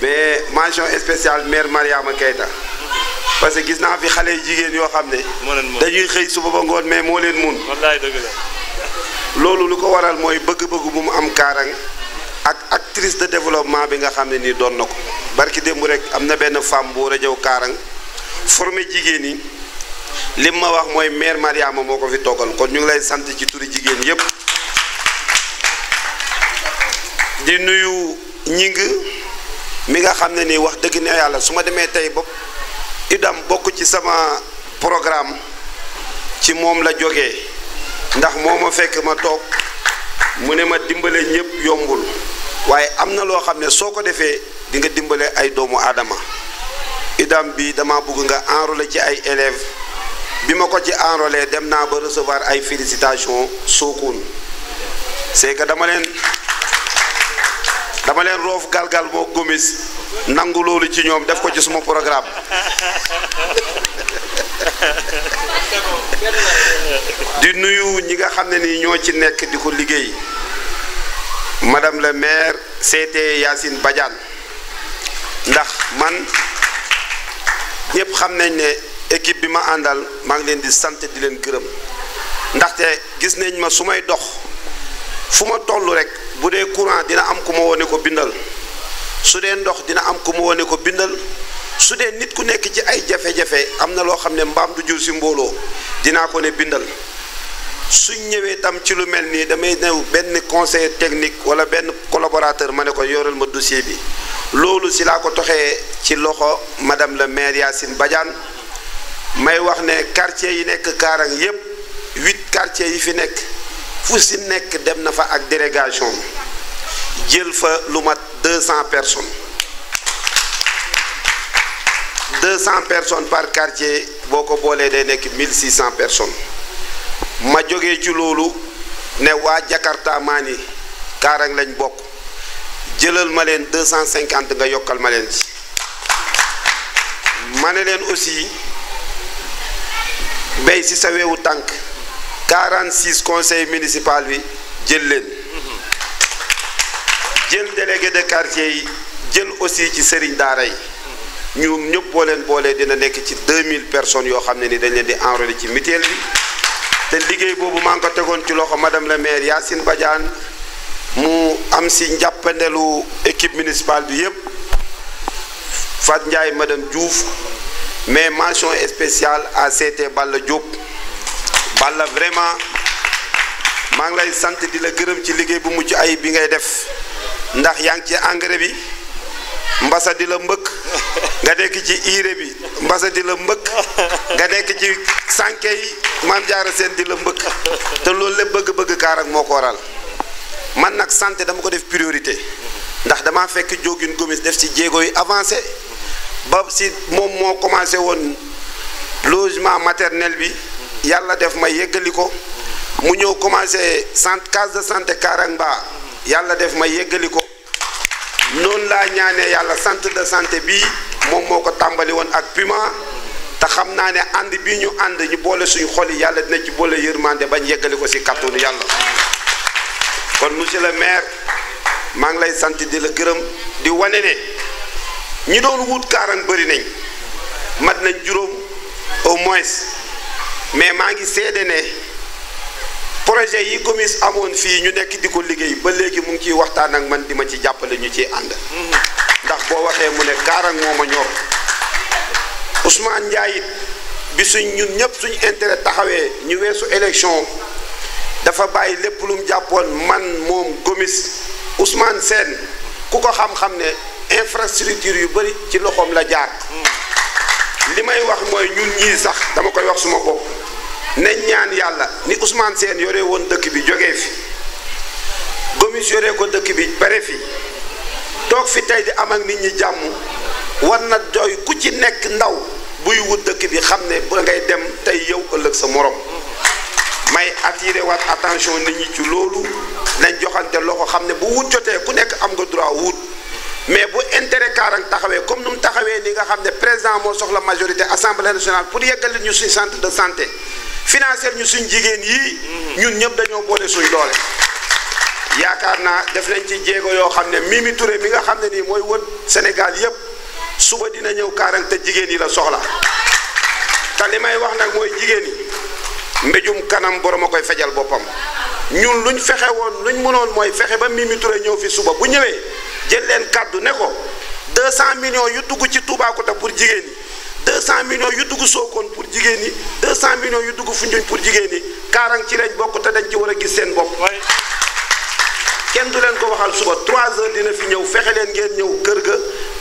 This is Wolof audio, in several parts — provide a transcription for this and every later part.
mais mention spéciale mère Mariama Keita parce que gis naa fi xale jigéen yoo xam ne. dañuy xëy suba ba ngoon mais moo leen mun. wallaay dëgg la. loolu lu ko waral mooy bëgg-bëgg bu mu am kaarang ak actrice de développement bi nga xam ne nii doon na ko. barki démb rek am na benn femme bu war a jëw kaarang formé jigéen yi lim ma wax mooy mère Mariama moo ko fi toggal kon ñu ngi lay sant ci turi jigéen yépp di nuyu ñing mi nga xam ne ni wax dëgg na yàlla su ma demee tey bopp idam bokk ci sama programme ci moom la jóge ndax moo ma fekk ma toog mu ne ma dimbale ñëpp yombul waaye am na loo xam ne soo ko defee di nga dimbale ay doomu aadama idam bi dama bugg nga enrôler ci ay élèves bi ma ko ci enrôler dem naa ba recevoir ay félicitations Sokone c'est que dama leen dama leen roof galgal moo gomis nangu loolu ci ñoom def ko ci suma programme di nuyu ñi nga xam ne ni ñoo ci nekk di ko liggéey madame le maire c'était Yacine Badiane ndax man ñëpp xam nañ ne équipe bi ma àndal maa ngi leen di sant di leen gërëm ndaxte gis nañ ma su may dox fu ma toll rek bu dee courant dina am ku ma wone ko bindal su dee ndox dina am ku ma wone ko bindal su dee nit ku nekk ci ay jafe-jafe am na loo xam ne mbaam du jur si mbooloo dinaa ko ne bindal suñ ñëwee tam ci lu mel nii damay new benn conseil technique wala benn collaborateur ma ne ko yoral ma dossier bi loolu si laa ko toxee ci loxo madame le maire Yacine Badiane may wax ne quartier yi nekk Kaarang yépp huit quartiers yi fi nekk fu si nekk dem na fa ak délégation jël fa lu mat deux cent personnes deux cent personnes par quartier boo ko boolee day nekk mille six cent personnes ma jóge ci ne waa Jakarta maa ni Kaarang lañ bokk jëlal ma leen deux cent cinquante nga yokkal ma leen ji ma ne leen aussi béy ci sa weewu tànk 46 conseil municipal bi jël leen jël délégué de quartier yi jël aussi ci sëriñ daara yi ñu ñëpp boo leen boolee dina nekk ci 2000 personnes yoo xam ne ni dañ leen di enrôler ci mutuelle bi te liggéey boobu maa ngi ko tegoon ci loxo madame la maire Yacine Badiane mu am si njàppandelu équipe municipale bi yëpp Fat Ndiaye madame Diouf mais mention spéciale à CT Balla Diop. Balla vraiment maa ngi lay sant di la gërëm ci liggéey bu mucc ayib bi ngay def ndax yaa ngi ci engrais bi mbasa di la mbëkk nga nekk ci urée bi mbasa di la mbëkk nga nekk ci sànke yi jaar a seen di la mbëkk te loolu lépp bëgg-bëgg kaar ak moo ko waral man nag santé dama ko def priorité ndax dama fekk Diogune Gomis def ci jéego yi avancé ba si moom moo commencé woon logement maternel bi yàlla def ma yeggali ko mu ñëw commencé centre case de santé Karangba yàlla def ma yeggali ko noonu laa ñaanee yàlla centre de santé bii moom moo ko tàmbali woon ak Puma te xam naa ne ànd bii ñu ànd ñu boole suñu xol yi yàlla dina ci boole yërmande bañ yeggali ko si kàttanu yàlla kon monsieur le maire maa ngi lay sant di la gërëm di wane ne ñi doon wut Karang bëri nañ mat nañ juróom au moins. mais maa ngi seede ne projet yi commis amoon fii ñu nekk di ko liggéey ba léegi mu ngi ciy waxtaan ak man di ma ci jàppale ñu ciy ànd ndax boo waxee mu ne kaarang moom a ñor Ousmane Ndiaye it bi suñ ñun ñëpp suñu intérêt taxawee ñu weesu élection dafa bàyyi lépp lu mu man moom gomis Ousmane Sène ku ko xam-xam ne infrastructure yu bëri ci loxoom la jaar hmm. li may wax mooy ñun ñii sax dama koy wax suma bopp nañ ñaan yàlla ni Ousmane seen yore woon dëkk bi jógee fi Gomis yore ko dëkk bi bare fi toog fi tey di am ak nit ñi jàmm war na doy ku ci nekk ndaw buy wut dëkk bi xam ne bu ngay dem tey yow ëllëg sa morom may attiré waat attention nit ñi ci loolu nañ joxante loxo xam ne bu wut jotee ku nekk am nga droit wut mais bu intérêt Karang taxawee comme nu mu taxawee ni nga xam ne président moo soxla majorité assemblée nationale pour yeggali ñu suñu de santé financer ñu suñ jigéen yii mhm. ñun ñëpp dañoo boole suñ doole yaakaar naa def nañ ci jéego yoo xam ne Mimi Touré mi nga xam ne nii mooy wër Sénégal yëpp suba dina ñëw quarante jigéen yi la soxla te li may wax nag mooy jigéen yi mbéjum kanam borom a koy fejal boppam ñun luñ fexe woon luñ mënoon mooy fexe ba Mimi Touré ñëw fi suba bu ñëwee jël leen kàddu ne ko deux cent millions yu dugg ci Toubacouta pour jigéen yi 200 millions yu dugg Sokone pour jigéen ñi 200 millions yu dugg Foundiougne pour jigéen ñi Kaarang ci lañ bokk te dañ ci war a gis seen bopp. kenn du leen ko waxal suba trois heures dina fi ñëw fexe leen ngeen ñëw kër ga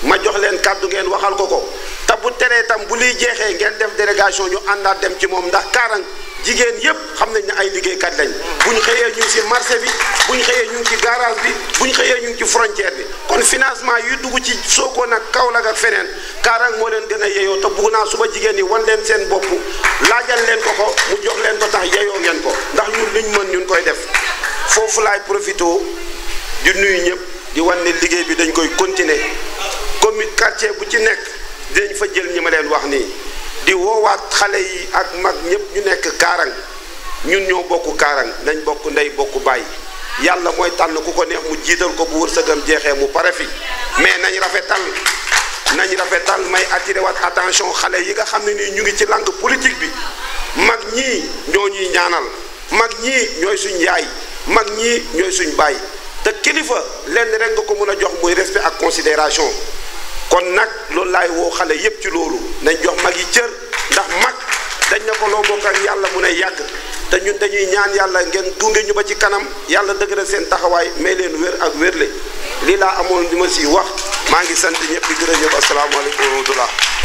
ma jox leen kàddu ngeen waxal ko ko. bu teree tam bu liy jeexee ngeen def délégation ñu ànd àndaat dem ci moom ndax kaarang jigéen yépp xam nañ ne ay liggéeykat lañ bu ñu xëyee ñu ngi ci marché bi bu ñu xëyee ñu ngi ci garage bi bu ñu xëyee ñu ngi ci frontière bi kon financement yuy dugg ci Sokone ak Kaolack ak feneen Kaarang moo leen gën a yeyoo te bugg naa suba jigéen yi wan leen seen bopp laajal leen ko ko mu jox leen ko tax yeyoo ngeen ko ndax ñun liñ mën ñun koy def foofu laay profité di nuyu ñëpp di wan ne liggéey bi dañ koy continuer commune quartier bu ci nekk. dinañ fa jël ñi ma leen wax nii di woowaat xale yi ak mag ñëpp ñu nekk kaarang ñun ñoo bokk kaarang nañ bokk ndey bokk bàyyi yàlla mooy tànn ku ko neex mu jiital ko bu wërsëgam jeexee mu pare fi mais nañ rafetal nañ rafetal may attiré waat attention xale yi nga xam ne nii ñu ngi ci langue politique bi mag ñii ñoo ñuy ñaanal mag ñii ñooy suñ yaay mag ñii ñooy suñ baay te kilifa lenn rek nga ko mën a jox muy respect ak considération kon nag loolu laay woo xale yépp ci loolu nañ jox mag yi cër ndax mag dañ na ko loo bokk ak yàlla mun a yàgg te ñun dañuy ñaan yàlla ngeen gunge ñu ba ci kanam yàlla dëgëral seen taxawaay may leen wér ak wérle lii laa amoon li ma si wax maa ngi sant ñëpp di gërëm ñëpp asalaamaaleykum wa rahmatullah